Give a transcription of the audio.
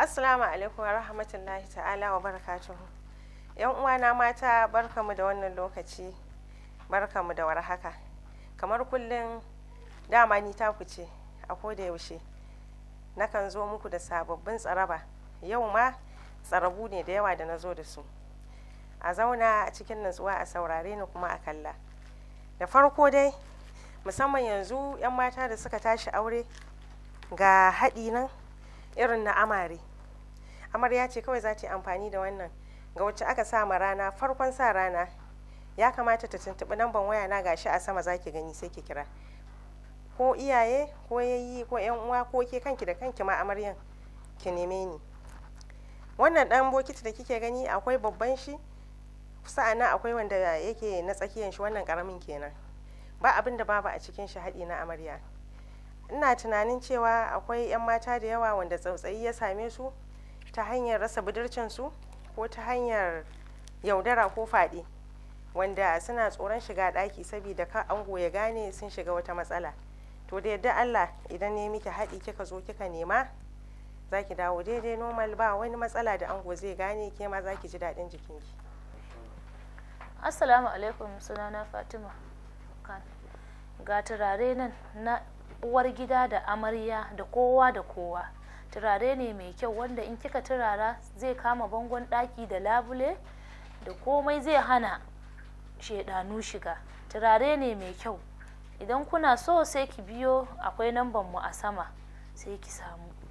assalamu alaikum wa rahmatullahi ta'ala wa barakatuhu yan uwana mata barkamu da wannan lokaci barkamu da warhaka kamar kullum dama ni ta ce a koda yaushe nakan zo muku da sababbin tsaraba yau ma tsarabu ne da yawa da na zo da su a zauna a cikin nutsuwa a saurare ni kuma a kalla da farko dai musamman yanzu 'yan mata da suka tashi aure ga haɗi nan irin na amare amarya ce kawai za ta yi amfani da wannan ga wacce aka sa ma rana farkon sa rana ya kamata ta tuntuɓi lambar waya na gashi a sama zaki gani sai ki kira ko iyaye ko yayi ko yan uwa ko ke kanki da kanki ma amaryan ki neme ni wannan dan bokiti da kike gani akwai babban shi sa'ana akwai wanda yake na tsakiyar shi wannan karamin kenan ba abin da babu a cikin shi haɗi na amarya ina tunanin cewa akwai 'yan mata da yawa wanda tsautsayi ya same su ta hanyar rasa budurcinsu ko ta hanyar yaudara ko faɗi wanda suna tsoron shiga ɗaki saboda ka ango ya gane sun shiga wata matsala to da yadda allah idan ne miki haɗi kika zo kika nema za ki dawo daidai normal ba wani matsala da ango zai gane ke ma za ki ji daɗin jikinki assalamu alaikum sunana fatima ga turare nan na uwar gida da amarya da kowa da kowa turare ne mai kyau wanda in kika turara zai kama bangon daki da labule da komai zai hana shedanu shiga turare ne mai kyau idan kuna so sai ki biyo akwai namban mu a sama sai ki samu